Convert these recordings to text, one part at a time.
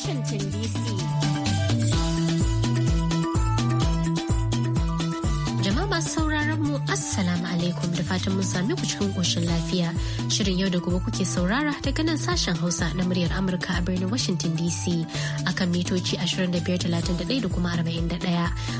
Washington DC. Assalamu alaikum da fatan mun sami ku cikin ƙoshin lafiya. Shirin yau da gobe kuke saurara daga nan sashen Hausa na muryar Amurka a birnin Washington DC akan mitoci 2531 da kuma 41.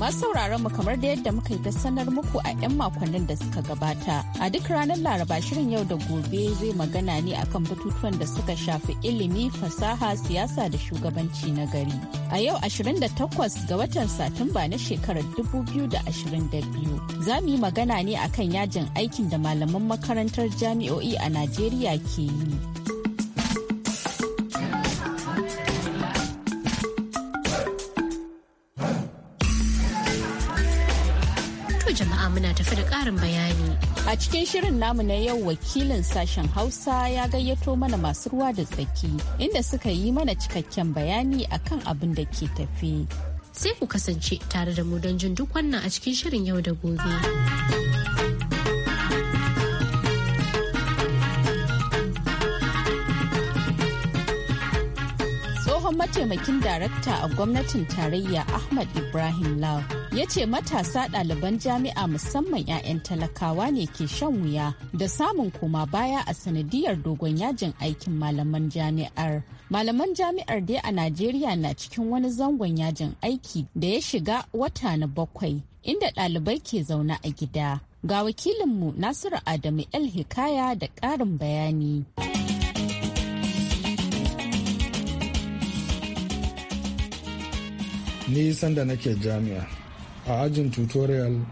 Masu sauraron mu kamar da yadda muka yi ta sanar muku a 'yan makonnin da suka gabata. A duk ranar Laraba shirin yau da gobe zai magana ne akan batutuwan da suka shafi ilimi, fasaha, siyasa da shugabanci na gari. A yau 28 ga watan Satumba na shekarar 2022 za mu yi magana ne akan yajin aikin da malaman makarantar jami'o'i a Najeriya ke yi. ƙarin bayani. A cikin shirin namu na yau wakilin sashen Hausa ya gayyato mana masu ruwa da tsaki inda suka yi mana cikakken bayani akan abin da ke tafi. Sai ku kasance tare da mu don jin duk wannan a cikin shirin yau da gobe. tsohon mataimakin darakta a gwamnatin tarayya Ahmad Ibrahim Lau ya ce matasa ɗaliban jami'a musamman 'ya'yan talakawa ne ke shan wuya da samun koma baya a sanadiyar dogon yajin aikin malaman jami'ar. Malaman jami'ar dai a Najeriya na cikin wani zangon yajin aiki da ya shiga wata na bakwai inda ɗalibai ke zaune a gida. Ga wakilinmu Nasiru Adamu El Hikaya da ƙarin bayani. Nisan da nake jami'a a ajin tutorial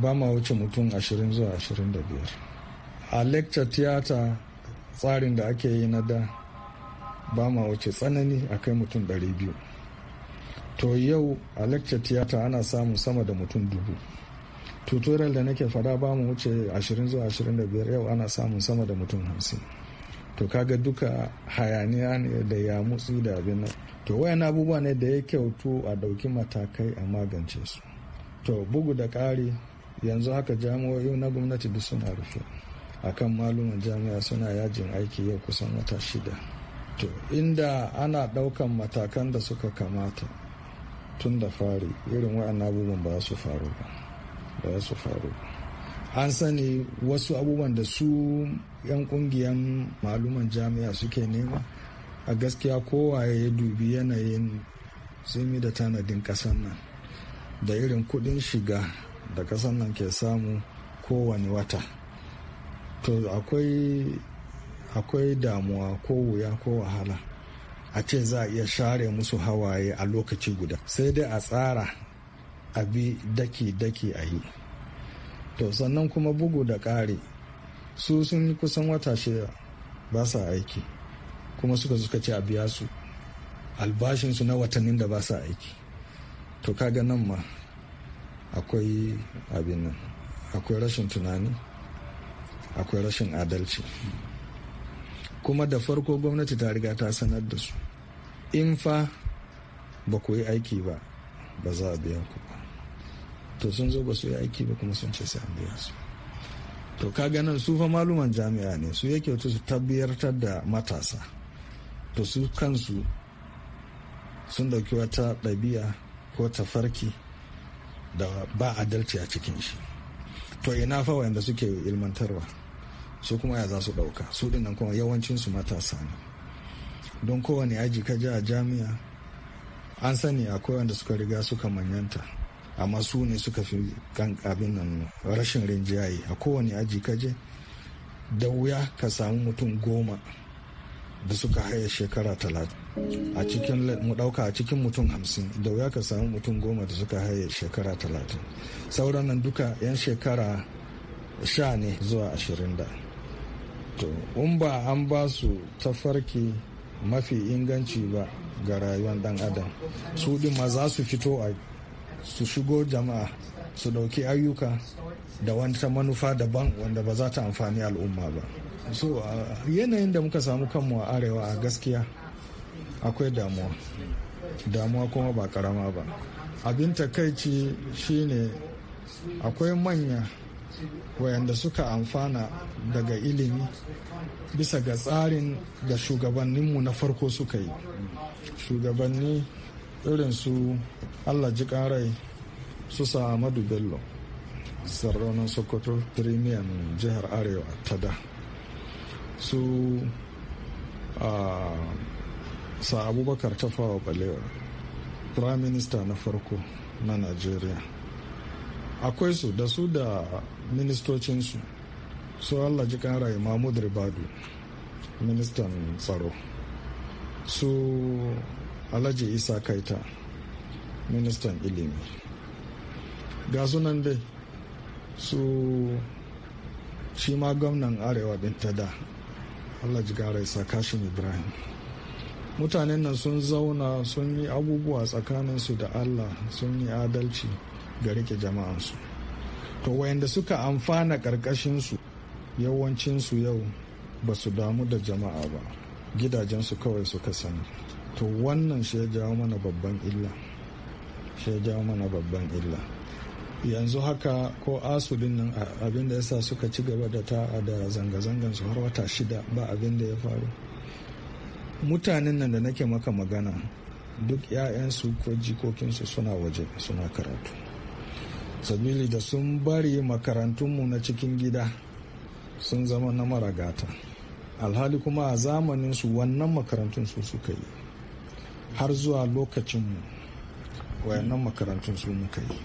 ba ma wuce mutum 20 zuwa 25 a lecture theater tsarin da ake yi na da ba ma wuce tsanani a kai mutum 200 to yau a lecture theater ana samu sama da mutum dubu tutorial da nake fada ba mu wuce 20 zuwa 25 yau ana samun sama da mutum 50 to kaga duka hayaniya ne da ya mutsi da abin nan to wayan abubuwa ne da ya kyautu a ɗauki matakai a magance su to bugu da ƙari yanzu haka jami'o'i na gwamnati duk suna rufe a kan maluman jami'a suna yajin aiki yau kusan wata shida to inda ana ɗaukan matakan da suka kamata tun da fari irin wayan abubuwan ba su faru ba ba su faru ba an sani wasu abubuwan da su 'yan kungiyan maluman jami'a suke nema a gaskiya kowaye ya dubi yanayin tsimi da tanadin kasan nan da irin kudin shiga da kasan nan ke samu kowane wata to akwai akwai damuwa ko wuya ko wahala a ce za a iya share musu hawaye a lokaci guda sai dai a tsara abi daki-daki a yi to sannan kuma bugu da ƙari su sun yi kusan wata shida ba sa aiki kuma suka suka ce a biya su albashinsu na watannin da ba sa aiki to kaga nan ma akwai abin nan akwai rashin tunani akwai rashin adalci kuma da farko gwamnati ta riga ta sanar da su in fa ba ku yi aiki ba ba za a biya ku ba to sun zo ba su yi aiki ba kuma sun ce sai an biya su to ka ganin su fa maluman jami'a ne su yake wato su tabbiyartar da matasa to su kansu sun dauki wata ɗabi'a ko tafarki da ba adalci a cikin shi to ina fa wanda suke ilmantarwa su kuma ya za su ɗauka su dinnan kuma yawancinsu matasa ne don kowane aji ka ji a jami'a an sani akwai wanda suka riga suka manyanta amma su ne suka fi kan abin nan rashin rinjaye a kowane aji kaje da wuya ka samu mutum goma da suka haya shekara talatin a cikin mu ɗauka a cikin mutum hamsin da wuya ka samu mutum goma da suka haya shekara talatin sauran nan duka 'yan shekara sha ne zuwa ashirin da to in ba an ba su tafarki mafi inganci ba ga rayuwar dan adam su din ma za su fito a su shigo jama'a su ɗauki ayyuka da wata manufa daban wanda ba za ta amfani al'umma ba so yanayin da muka samu kanmu a arewa a gaskiya akwai damuwa damuwa kuma ba karama ba abin takaici shine akwai manya wayanda suka amfana daga ilimi bisa ga tsarin da shugabanninmu na farko suka yi shugabanni irin su allah ji karai su Ahmadu bello sarraunan sokoto premium jihar arewa ta da su sa abubakar tafawa balewa prime minister na farko na Najeriya, akwai su da su da ministocinsu su allah ji karai mahmud ribadu ministan tsaro su alhaji isa kaita ministan ilimi ga sunan dai su shi ma gwamnan arewa din ta da alhaji gara isa kashin ibrahim mutanen nan sun zauna sun yi abubuwa tsakaninsu da allah sun yi adalci ga rike jama'ansu to wayanda suka amfana ƙarƙashinsu yawancinsu yau ba su damu da jama'a ba gidajensu kawai suka sani to wannan shi ya jawo mana babban illa shi ya jawo mana babban illa yanzu haka ko asulin nan abin da yasa suka ci gaba da ta da zanga-zangan su har wata shida ba abin da ya faru mutanen nan da nake maka magana duk 'ya'yansu ko jikokinsu suna waje suna karatu sabili da sun bari makarantunmu na cikin gida sun zama na maragata alhali kuma a zamaninsu wannan makarantun su suka yi har zuwa lokacin wayannan makarantun su muka yi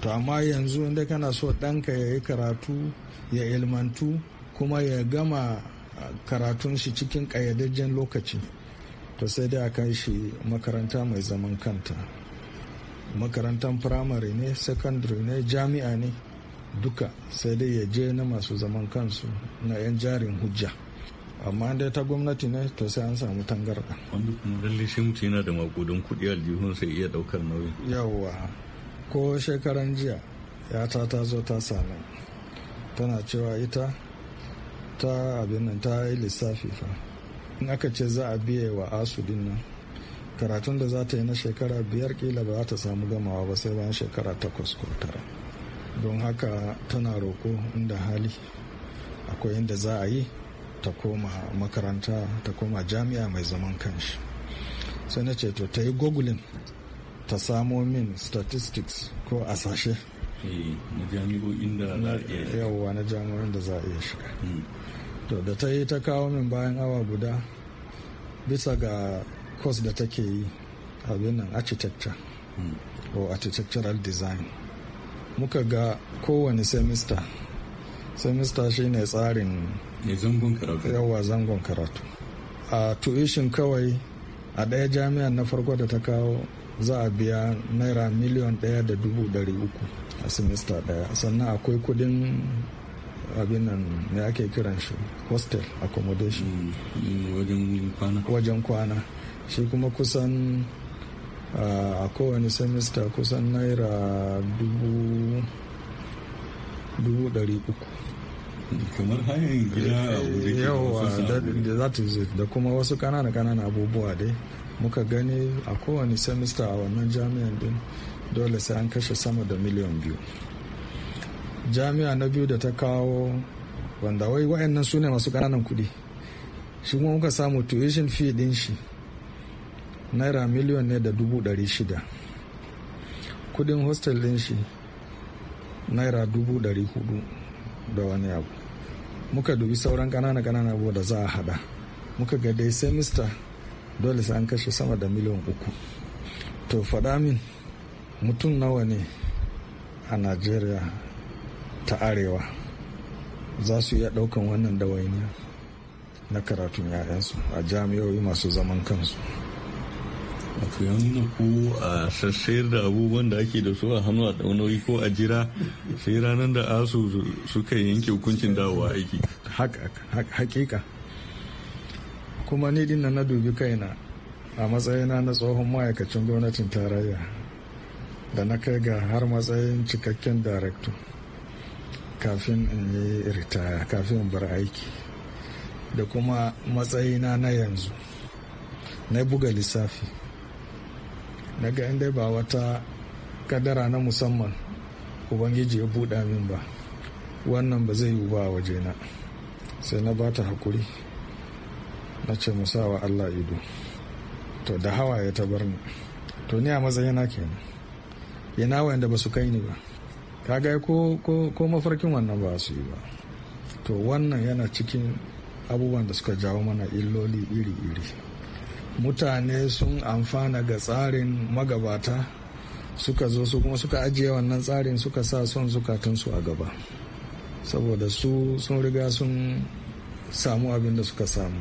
to amma yanzu inda kana so ɗanka ya yi karatu ya ilmantu kuma ya gama karatun shi cikin ƙayyadajjen lokaci to sai dai a kai shi makaranta mai zaman kanta makarantar firamare ne secondary ne jami'a ne duka sai dai ya je na masu zaman kansu na 'yan jarin hujja amma dai ta gwamnati ne to sai an samu tangarɗa. wanda kuma lalle shi mutum yana da makudan kuɗi aljihun sai iya ɗaukar nauyi. yawwa ko shekaran jiya ya ta ta zo ta samu tana cewa ita ta abin ta yi lissafi fa in aka ce za a biye wa asudin nan karatun da za ta yi na shekara biyar kila ba za ta samu gamawa ba sai bayan shekara takwas ko tara don haka tana roko inda hali akwai inda za a yi ta koma makaranta ta koma jami'a mai zaman kanshi sai na ce to ta yi googling ta samo min statistics ko asashe eh, na a sashe yawwa na jami'o'in da za a iya shiga hmm. to da ta yi ta kawo min bayan awa guda bisa ga course da take yi abin nan architecture hmm. ko architectural design muka ga kowane semester semester ne tsarin yawa zangon karatu a tuition kawai a ɗaya jami'an na farko da ta kawo za a biya naira miliyan ɗaya da dubu ɗari uku a semester ɗaya sannan akwai kudin abin nan ne ake kiran shi hostel accommodation mm, mm, wajen kwana shi kuma kusan a kowane semester kusan naira dubu kamar hanyar gida da kuma wasu kanana kanana abubuwa dai muka gani a kowane semester a wannan jami'an din dole sai an kashe sama da miliyan biyu jami'a na biyu da ta kawo wanda wai wa'annan su ne masu kananan kuɗi shi kuma muka samu tuition fee din shi naira miliyan ne da dubu ɗari shida kudin hostel din shi naira dubu dari hudu da wani abu muka dubi sauran kanana kanana abu da za a hada muka ga dai sai mista dole sai an kashe sama da miliyan uku to faɗa min mutum nawa ne a najeriya ta arewa za su iya ɗaukan wannan dawainiya na karatun 'ya'yansu a jami'o'i masu zaman kansu ku ya nuna ko a sassayar da abubuwan da ake da su a hannu a ɗaunoyi ko a jira sai ranar da asu suka yanke hukuncin dawowa aiki hakika kuma ni dinnan na dubi kaina a matsayina na tsohon ma'aikacin gwamnatin tarayya da na kai ga har matsayin cikakken darakto kafin in yi ritaya kafin in bar aiki da kuma matsayina na yanzu na buga lissafi na ga dai ba wata kadara na musamman ubangiji ya buɗa min ba wannan ba zai yi ba a wajena sai na ba ta haƙuri na ce musawa allah ido to da hawaye ta bar ni to ni a matsayina kenan yana wayanda ba su kai ni ba kaga ko mafarkin wannan ba su yi ba to wannan yana cikin abubuwan da suka jawo mana illoli iri-iri mutane sun amfana ga tsarin magabata suka zo su kuma suka ajiye wannan tsarin suka sa son zukatansu a gaba saboda su sun riga sun samu abin da suka samu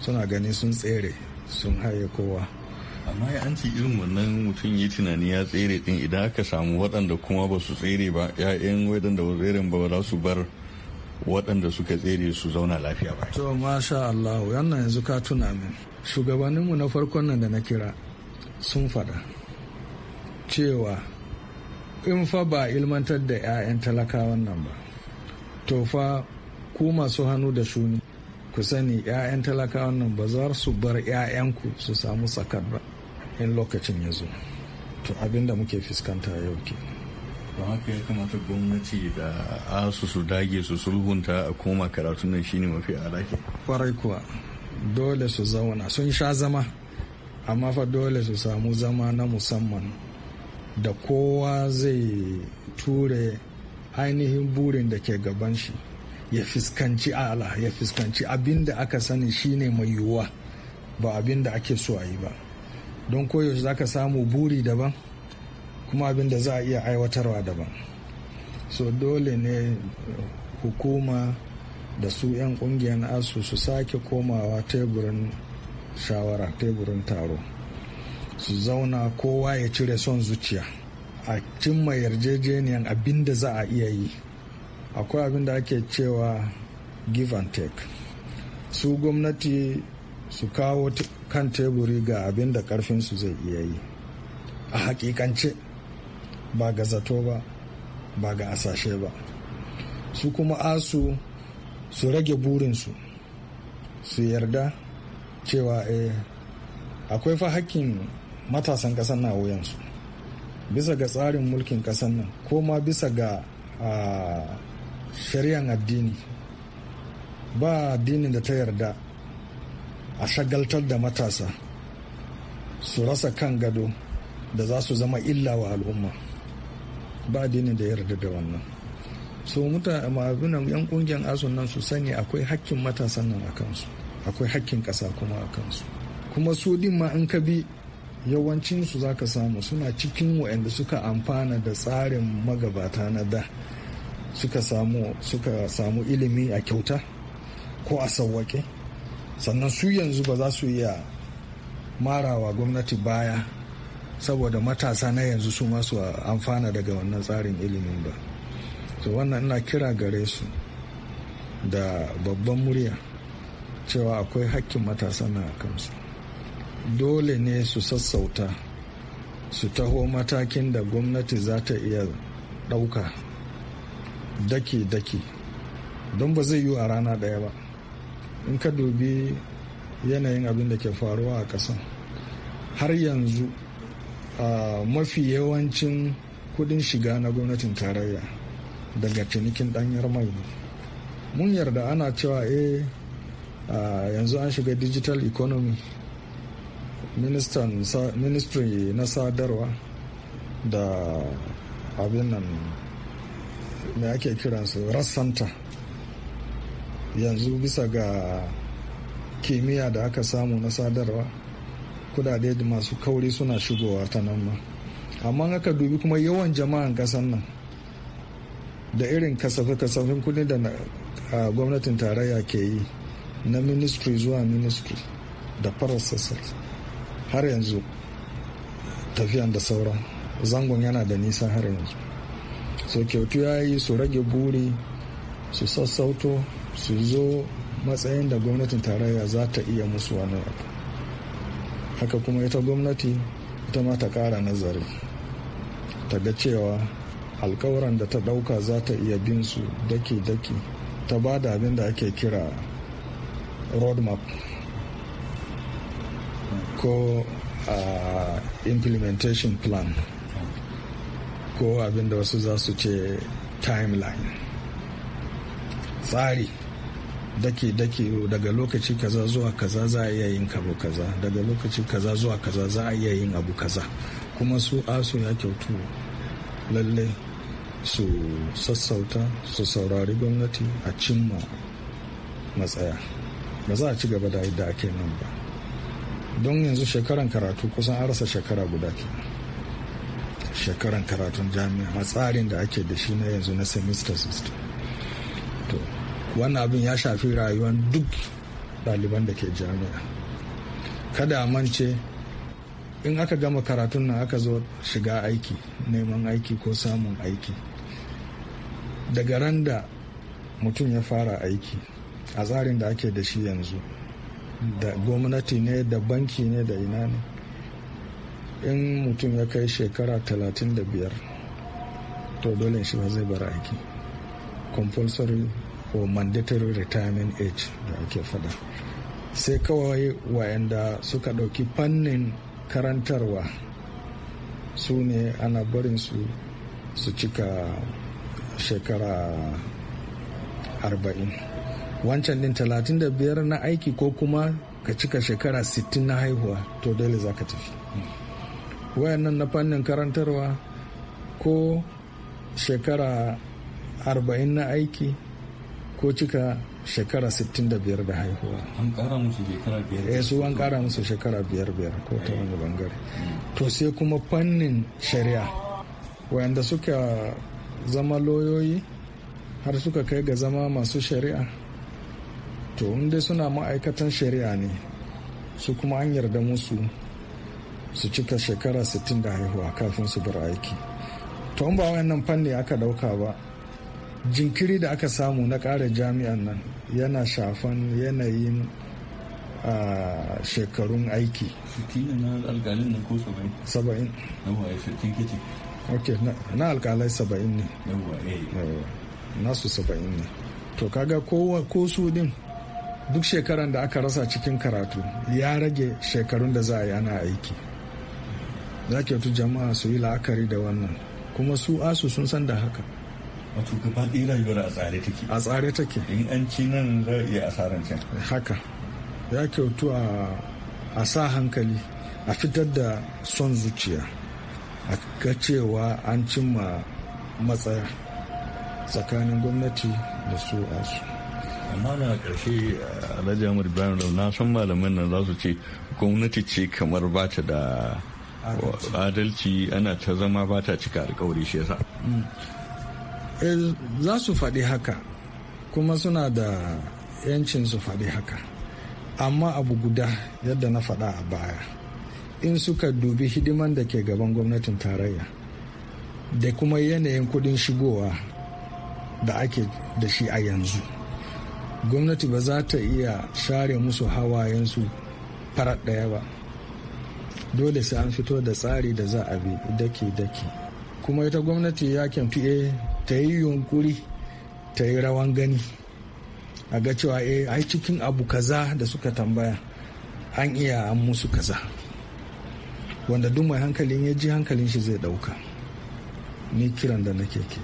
suna gani sun tsere sun haye kowa amma ya an ce irin wannan mutum yi tunani ya tsere din idan aka samu waɗanda kuma ba su tsere ba 'ya'yan waɗanda ba tseren ba za su bar waɗanda suka tsere su zauna lafiya ba. To masha Allah wannan yanzu ka tuna min shugabanninmu na farkon nan da na kira sun faɗa cewa in fa ba ilmantar da 'ya'yan talakawan nan ba to fa ku masu hannu da shuni ku sani 'ya'yan talakawan nan ba za su bar 'ya'yanku su samu tsakar ba in lokacin ya zo to abinda muke fuskanta yau kenan don haka ya kamata gwamnati da asu su dage su sulhunta a koma karatun nan shine mafi alaki kwarai kuwa dole su zauna sun sha zama amma fa dole su samu zama na musamman da kowa zai ture ainihin burin da ke gaban shi ya fuskanci ala ya fuskanci abin da aka sani shine mai yiwuwa ba abin da ake so a yi ba don koyaushe za ka samu buri daban kuma abin da za a iya aiwatarwa daban so dole ne hukuma da su 'yan kungiyar asu su sake komawa teburin shawara teburin taro su zauna kowa ya cire son zuciya a cimma yarjejeniyar abin da za a iya yi akwai abin da ake cewa give and take su gwamnati su kawo kan teburi ga abin da karfinsu zai iya yi a hakikance ba ga zato ba ba ga asashe ba su kuma asu su rage burinsu su yarda cewa eh akwai fa hakkin matasan ƙasar na wuyansu bisa ga tsarin mulkin ƙasar nan ko ma bisa ga shari'an addini ba addinin da ta yarda a shagaltar da matasa su rasa kan gado da za su zama illa wa al'umma ba addinin da yarda da wannan so mutane abin yan kungiyar asun nan su sani akwai hakkin matasan nan a kansu akwai hakkin kasa kuma a kansu kuma su din ma in ka bi yawancin su zaka samu suna cikin wayanda suka amfana da tsarin magabata na da suka samu ilimi a kyauta ko a sauwake sannan su yanzu ba za su iya marawa gwamnati baya saboda matasa na yanzu su masu amfana daga wannan tsarin ilimin ba to wannan ina kira gare su da babban murya cewa akwai hakkin matasa na kansu dole ne su sassauta su taho matakin da gwamnati za ta iya ɗauka daki-daki don ba zai yi a rana ɗaya ba in ka dubi yanayin abin da ke faruwa a ƙasan har yanzu a mafi yawancin kudin shiga na gwamnatin tarayya daga cinikin ɗanyar mai mun yarda ana cewa eh yanzu an shiga digital economy ministry na sadarwa da abin nan mai ake kiransu rassanta yanzu bisa ga kimiyya da aka samu na sadarwa kudade da masu kauri suna shigowa ta nan ma amma aka dubi kuma yawan jama'an kasan nan da irin kasafin kudi da gwamnatin tarayya ke yi na ministry zuwa ministry da parasassar har yanzu tafiyan da sauran zangon yana da nisa har yanzu so kyautu ya yi su rage buri su sassauto su zo matsayin da gwamnatin tarayya za ta iya musu wani abu haka kuma ita gwamnati ita ma ta kara nazari ta ga cewa alkawuran da ta dauka za ta iya bin su daki-daki ta ba da abin da ake kira roadmap ko uh, implementation plan ko abin da wasu za su ce timeline tsari dake dake daga lokaci kaza zuwa kaza za a iya yin abu kaza daga lokaci kaza zuwa kaza za a iya yin abu kaza kuma su asu ya kyautu lalle su sassauta su saurari gwamnati a cimma matsaya ba za a ci gaba da yadda ake nan ba don yanzu shekaran karatu kusan an rasa shekara guda ke shekaran karatun jami'a a tsarin da ake da shi na yanzu na semester system wannan abin ya shafi rayuwar duk ɗaliban da ke jami'a kada a mance in aka gama karatun nan aka zo shiga aiki neman aiki ko samun aiki daga ran da mutum ya fara aiki a tsarin da ake da shi yanzu da gwamnati ne da banki ne da ina ne in mutum ya kai shekara 35 to dole shi ba zai bar aiki compulsory ko mandatory retirement age da ake fada sai kawai wayanda suka ɗauki fannin karantarwa su ne ana barin su su cika shekara 40 wancan din 35 na aiki ko kuma ka cika shekara 60 na haihuwa to dole za ka tafi wayannan na fannin karantarwa ko shekara 40 na aiki ko cika shekara 65 da haihuwa an kara musu shekara biyar eh su an kara musu shekara biyar biyar ko ta wani bangare mm. to sai kuma fannin shari'a wayanda suka zama loyoyi har suka kai ga zama masu shari'a to inda suna ma'aikatan shari'a ne su kuma an yarda musu su cika shekara 60 da haihuwa kafin su bar aiki to ba wayannan fanni aka dauka ba jinkiri da aka samu na ƙara jami'an nan yana shafan yanayin a shekarun aiki 60 eh, na na alkalai 70 ne eh. nasu 70 ne to kaga ko su din duk shekaran da aka rasa cikin karatu ya rage shekarun da za a yi ana aiki za ke jama'a su yi la'akari da wannan kuma su asu sun san da haka wato gaba ɗaya rayuwar a tsare take a tsare take in an ci nan za iya asaran can haka ya kyautu a sa hankali a fitar da son zuciya a ga cewa an cimma matsaya tsakanin gwamnati da su a su amma na ƙarshe alhaji amur bayan na san malaman nan za su ce gwamnati ce kamar ba ta da adalci ana ta zama ba ta cika alkawari shi yasa mm. Eh, za su faɗi haka kuma suna da 'yancin su faɗi haka amma abu guda yadda na faɗa a baya in suka dubi hidiman da ke gaban gwamnatin tarayya da kuma yanayin kudin shigowa da ake da shi a yanzu gwamnati ba za ta iya share musu hawayensu farat ɗaya ba dole sai an fito da tsari da za a bi daki-daki kuma ita gwamnati ya fiye. ta yi yunkuri ta yi rawan gani a ga cewa eh ai cikin abu kaza da suka tambaya an iya an musu kaza wanda duk mai hankalin ya ji hankalin shi zai dauka ni kiran da nake ke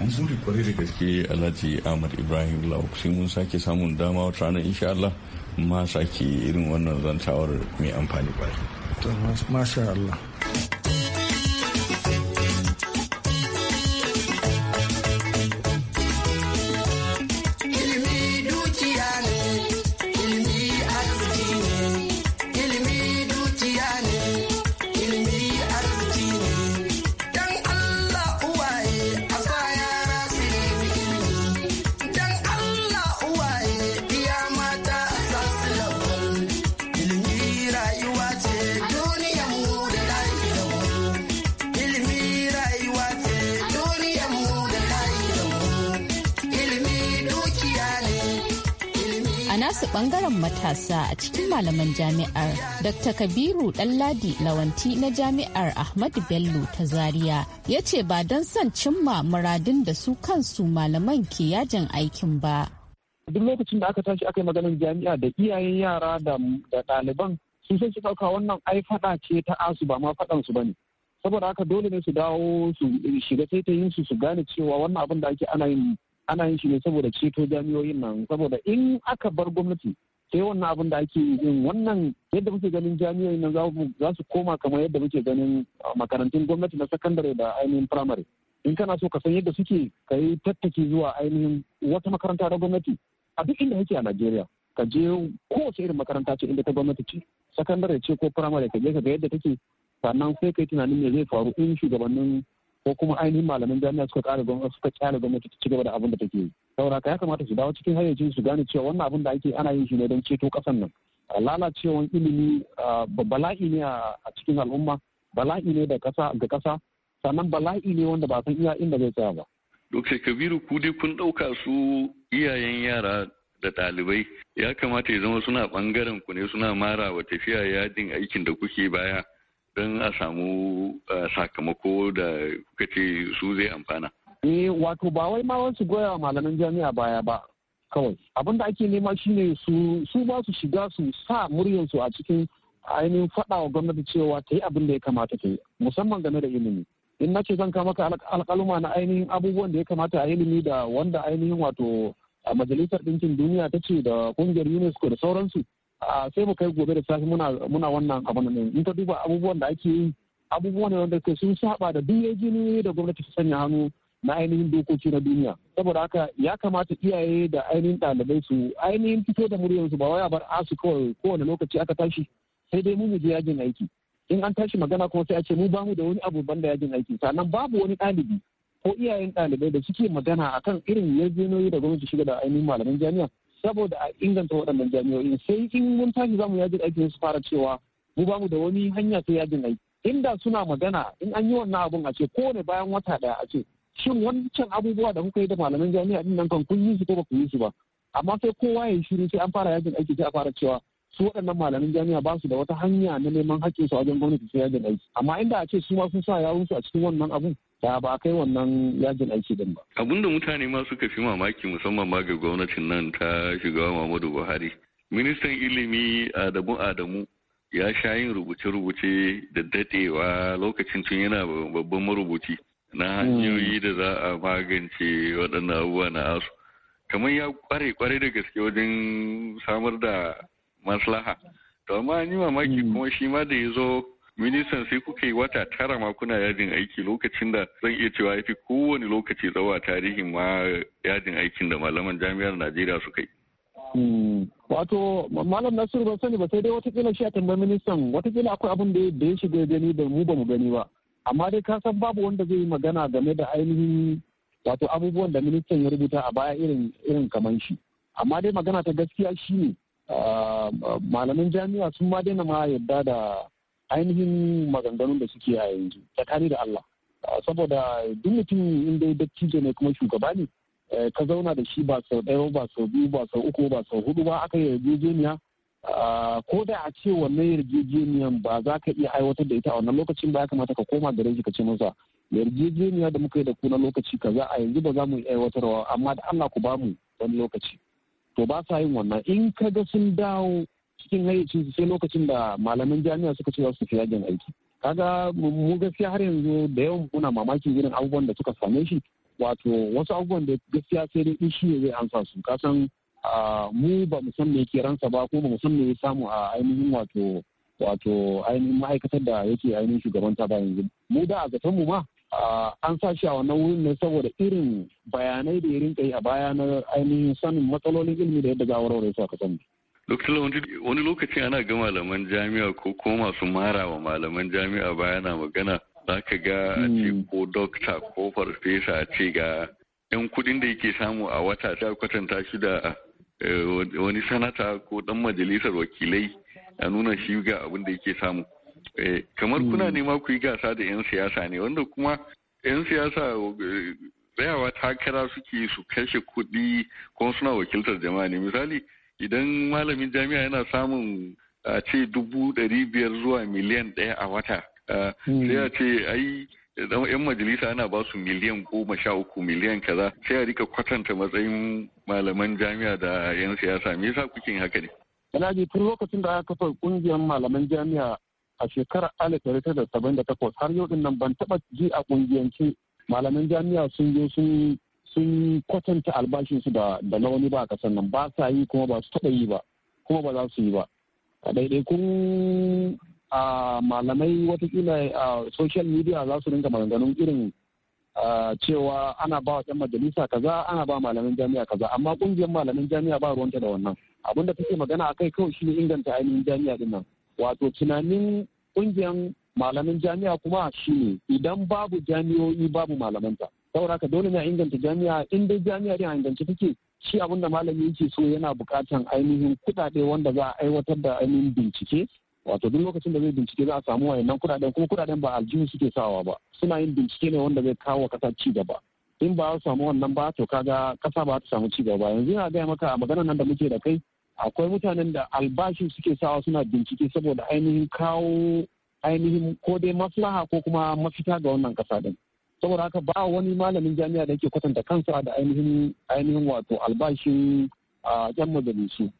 an zo da kwarai da gaske alhaji ahmad ibrahim lauk sai mun sake samun dama wata ranar insha allah ma sake irin wannan zantawar mai amfani kwarai masha allah bangaren matasa a cikin malaman jami'ar dr kabiru ɗanladi lawanti na jami'ar ahmadu bello ta zaria ya ce ba don son cimma muradin da su kansu malaman ke yajin aikin ba duk lokacin da aka tashi aka yi maganin jami'a da iyayen yara da ɗaliban su sai su ɗauka wannan ai faɗa ce ta asu ba ma faɗan su bane saboda haka dole ne su dawo su shiga taitayin su su gane cewa wannan abin da ake ana yin ana yin shi ne saboda ceto jami'oyin nan saboda in aka bar gwamnati sai wannan abin da ake yi wannan yadda muke ganin jami'oyin nan za su koma kamar yadda muke ganin ah, makarantun gwamnati na sakandare da ainihin firamare in kana so ka san yadda suke ka yi tattaki zuwa ainihin wata makaranta na gwamnati a duk inda yake a najeriya ka je kowace irin makaranta ce inda ta gwamnati ce sakandare ce ko firamare ka je ka ga yadda take sannan sai kai tunanin me zai faru in shugabannin ko kuma ainihin malaman jami'a suka kare gwamnati suka kyale gwamnati ta ci gaba da abin da take yi saboda ya kamata su dawo cikin hayyacin su gane cewa wannan abin da ake ana yin shi ne don ceto kasan nan lalacewan ilimi bala'i ne a cikin al'umma bala'i ne da kasa ga kasa sannan bala'i ne wanda ba san iya inda zai tsaya ba Dokta Kabiru ku dai kun ɗauka su iyayen yara da dalibai ya kamata ya zama suna bangaren ku ne suna mara wa tafiya yadin aikin da kuke baya don a samu eh, sakamako da kuka ce su zai amfana. Eh wato ba wai ma wasu goya malaman jami'a baya ba kawai abinda ake nema shine su su ba su shiga su sa muryarsu a cikin ainihin faɗa wa gwamnati cewa ta yi abin da ya kamata ta yi musamman game da ilimi in nace zan kama ka alƙaluma na ainihin abubuwan da ya kamata a ilimi da wanda ainihin wato a majalisar ɗinkin duniya ta ce da ƙungiyar unesco da sauransu sai mu kai gobe da safe muna wannan abun ne in ta duba abubuwan da ake yi abubuwan da wanda sun saba da duk jini da gwamnati ta sanya hannu na ainihin dokoki na duniya saboda haka ya kamata iyaye da ainihin ɗalibai su ainihin fito da muryarsu ba wai a bar asu kawai kowane lokaci aka tashi sai dai mu mu je yajin aiki in an tashi magana kuma sai a ce mu bamu da wani abu banda yajin aiki sannan babu wani ɗalibi ko iyayen ɗalibai da suke magana akan irin yarjejeniyoyi da gwamnati shiga da ainihin malaman jami'a saboda a inganta waɗannan jami'o'in sai in mun tashi za mu yajin aikin su fara cewa mu ba mu da wani hanya ta yajin aiki inda suna magana in an yi wannan abun a ce kowane bayan wata daya a ce shin wancan abubuwa da muka yi da malaman jami'a din nan kan kun yi su ko ba ku yi su ba amma sai kowa ya yi shiru sai an fara yajin aiki sai a fara cewa su waɗannan malaman jami'a ba su da wata hanya na neman haƙƙin su wajen gwamnati sai yajin aiki amma inda a ce su ma sun sa yawunsu a cikin wannan abun ta ba kai wannan yajin aiki din ba. Abin da mutane ma suka fi mamaki musamman ma ga gwamnatin nan ta shiga Muhammadu Buhari. Ministan ilimi Adamu Adamu ya sha yin rubuce-rubuce da dadewa lokacin tun yana babban marubuci na hmm. hanyoyi da za a magance waɗannan abubuwa na asu. Kamar ya kware kware da gaske wajen samar da maslaha. To amma an yi mamaki hmm. kuma shi ma da ya zo ministan sai kuka yi wata tara ma kuna yajin aiki lokacin da zan iya cewa ya fi kowane lokaci tsawa tarihin ma yajin aikin da malaman jami'ar najeriya suka yi hmm. wato malam nasiru ban sani ba sai dai watakila shi a tambayi ministan watakila akwai abin da ya shiga gani da mu ba mu gani ba amma dai ka san babu wanda zai yi magana game da ainihin wato abubuwan da ministan ya rubuta a baya irin irin kaman shi amma dai magana ta gaskiya shi ne ah, malamin jami'a sun ma daina ma yadda da ainihin maganganun da suke a yanzu tsakani da Allah ah, saboda duk mutum inda dattijo ne kuma shugaba ne eh, ka zauna da shi ba sau ɗaya ba sau biyu ba sau uku ba sau hudu ba aka yi yarjejeniya ah, ko da a ce wannan yarjejeniyan ba za ka iya aiwatar da ita a wannan lokacin ba ya kamata ka koma gare shi ka ce masa yarjejeniya da muka yi da ku na lokaci kaza a yanzu ba za mu aiwatarwa amma da Allah ku bamu wani lokaci to ba sa yin wannan in ka ga sun dawo cikin su sai lokacin da malaman jami'a suka ce za su yajin aiki kaga mu gaskiya har yanzu da yawan muna mamakin irin abubuwan da suka same shi wato wasu abubuwan da gaskiya sai dai in shi zai ansa su kasan mu ba mu san me yake ransa ba ko ba mu san me ya samu a ainihin wato wato ainihin ma'aikatar da yake ainihin shugabanta ba yanzu mu da a zaton mu ma an sa shi a wannan wurin ne saboda irin bayanai da ya rinka yi a baya na ainihin sanin matsalolin ilimi da yadda za a warware su a lokacin wani lokaci ana ga malaman jami'a ko ko masu mara wa malaman jami'a bayana magana za ka ga a ce hmm. ko dokta ko farfesa a ce ga yan kudin da yake samu a wata ta kwatanta shi da eh, wani sanata ko dan majalisar wakilai a nuna shi ga abin da yake samu eh, kamar kuna hmm. nema ku yi gasa da 'yan siyasa ne wanda kuma 'yan siyasa eh, tsayawa takara suke su kashe kuɗi kuma suna wakiltar jama'a ne misali idan malamin jami'a yana samun a ce dubu ɗari biyar zuwa miliyan ɗaya a wata hmm. sai a ce ai yan majalisa ana ba su miliyan goma sha uku miliyan kaza sai a rika kwatanta matsayin malaman jami'a da yan siyasa me yasa kuke yin haka ne alhaji tun lokacin da aka kafa kungiyar malaman jami'a a shekarar alif da saba'in da takwas har yau din nan ban taɓa ji a kungiyance malaman jami'a sun je sun sun kwatanta albashinsu da na wani ba a kasar nan ba sa yi kuma ba su taɓa yi ba kuma ba za su yi ba a kun a malamai watakila a social media za su rinka maganganun irin cewa ana ba wa 'yan majalisa kaza ana ba malamin jami'a kaza amma ƙungiyar malamin jami'a ba ruwanta da wannan abinda take magana a kai kawai shine inganta ainihin jami'a din nan wato tunanin ƙungiyar malamin jami'a kuma shine idan babu jami'o'i babu malamanta saboda ka dole ne a inganta jami'a in dai jami'a din a inganta take shi abin da malami yake so yana bukatan ainihin kuɗaɗe wanda za a aiwatar da ainihin bincike wato duk lokacin da zai bincike za a samu wayannan kuɗaɗen kuma kuɗaɗen ba aljihu suke sawa ba suna yin bincike ne wanda zai kawo kasa ci gaba in ba a samu wannan ba to kaga kasa ba ta samu ci gaba yanzu yana gaya maka a maganar nan da muke da kai akwai mutanen da albashi suke sawa suna bincike saboda ainihin kawo ainihin ko dai maslaha ko kuma mafita ga wannan ƙasa din saboda haka ba wani malamin jami'a da yake kwatanta kansa da ainihin ainihin wato albashin a yan majalisu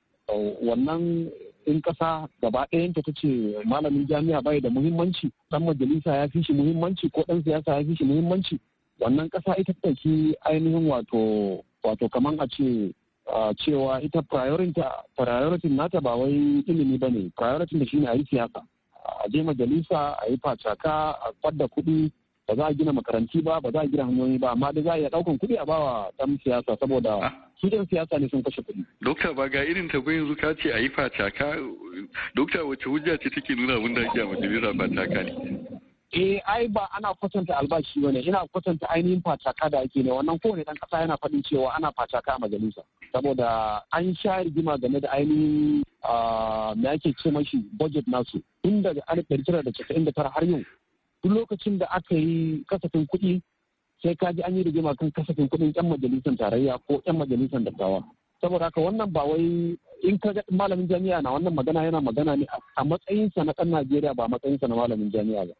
wannan in kasa gaba ɗayanta ta ce malamin jami'a bai da muhimmanci ɗan majalisa ya fi shi muhimmanci ko 'dan siyasa ya fi shi muhimmanci wannan kasa ita ta ke ainihin wato wato kamar a ce cewa ita priority nata ba wai ilimi ba ne priority da shine a yi siyasa a je majalisa a yi facaka a kwadda kuɗi ba za a gina makaranti ba ba za a gina hanyoyi ba amma da za a iya daukan kuɗi a bawa dan siyasa saboda ah. su dan siyasa ne sun kashe kuɗi. Dokta ba ga irin ta yanzu ka ce a yi fataka dokta wace hujja ce take nuna mun da ake a majalisa fataka ne. Eh ai ba ana kwatanta albashi bane ina kwatanta ainihin fataka da ake ne wannan kowane dan kasa yana faɗin cewa ana fataka a majalisa saboda an sha rigima game da ainihin ah, me ake ce mashi budget nasu inda da alif ɗari tara da da tara har yau duk lokacin da aka yi kasafin kuɗi sai ka ji an yi rigima kan kasafin kuɗin 'yan majalisar tarayya ko 'yan majalisar dattawa saboda haka wannan ba wai in ka malamin jami'a na wannan magana yana magana ne a matsayinsa na ɗan najeriya ba matsayinsa na malamin jami'a ba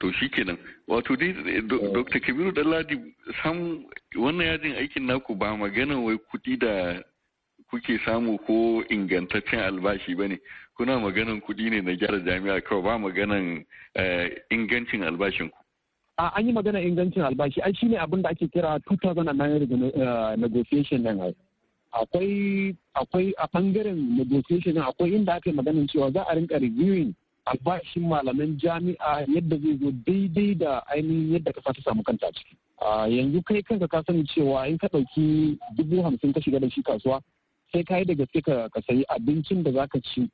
to shi kenan wato dai eh, dr eh. kabiru ɗanladi sam wannan yajin aikin naku ba magana wai kuɗi da kuke samu ko ingantaccen albashi ba ne kuna maganan kuɗi ne na gyara jami'a kawai ba maganan eh, ingancin albashin ku a an yi magana ingancin albashi ai ne abin da ake kira 2009 eh, negotiation din ai akwai akwai a bangaren negotiation din akwai inda aka yi maganin cewa za a rinka reviewing albashin malaman jami'a yadda zai zo daidai da ainihin yadda kasa ta samu kanta ciki a yanzu kai kanka ka sani cewa in ka ɗauki dubu hamsin ka shiga da shi kasuwa sai ka yi da gaske ka sayi abincin da za ka ci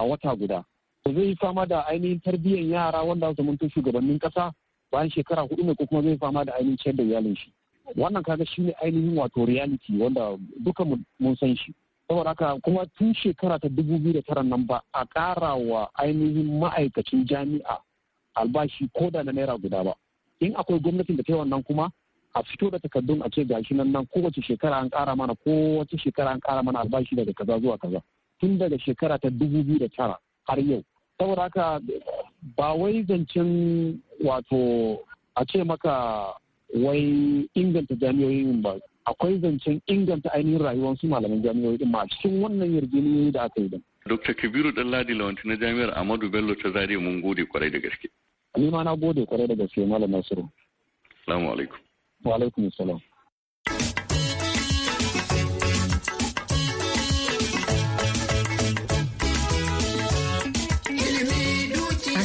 a wata guda to zai yi fama da ainihin tarbiyyar yara wanda su zamanto shugabannin kasa bayan shekara hudu ne ko kuma zai fama da ainihin ciyar da iyalin shi wannan kaga shi ne ainihin wato reality wanda duka mun san shi saboda haka kuma tun shekara ta dubu biyu da tara nan ba a ƙara wa ainihin ma'aikacin jami'a albashi ko da na naira guda ba in akwai gwamnatin da ta yi wannan kuma a fito da takardun a ce gashi nan nan kowace shekara an ƙara mana kowace shekara an ƙara mana albashi daga kaza zuwa kaza tun daga shekara ta dubu biyu da tara har yau saboda haka ba wai zancen wato a ce maka wai inganta jami'oyin ba akwai zancen inganta ainihin rayuwar su malaman jami'oyi din ma cikin wannan yarjejeniyoyi da aka yi din. Dr. Kabiru Danladi, Lawanti na Jami'ar Ahmadu Bello ta Zare mun gode kwarai da gaske. Ni ma na gode kwarai da gaske Malam Nasiru. Assalamu alaikum. Wa alaikum assalam.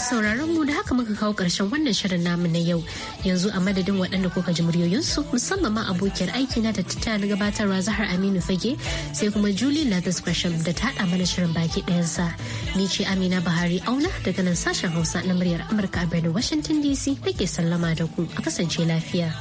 sauraron mu da haka muka kawo ƙarshen wannan shirin namu na yau yanzu a madadin waɗanda kuka ji muryoyinsu musamman ma abokiyar aiki na da na gabatarwa zahar aminu fage sai kuma julie lathis gresham da ta haɗa mana shirin baki ɗayansa ni ce amina bahari auna daga nan sashen hausa na muryar amurka a birnin washington dc nake sallama da ku a kasance lafiya.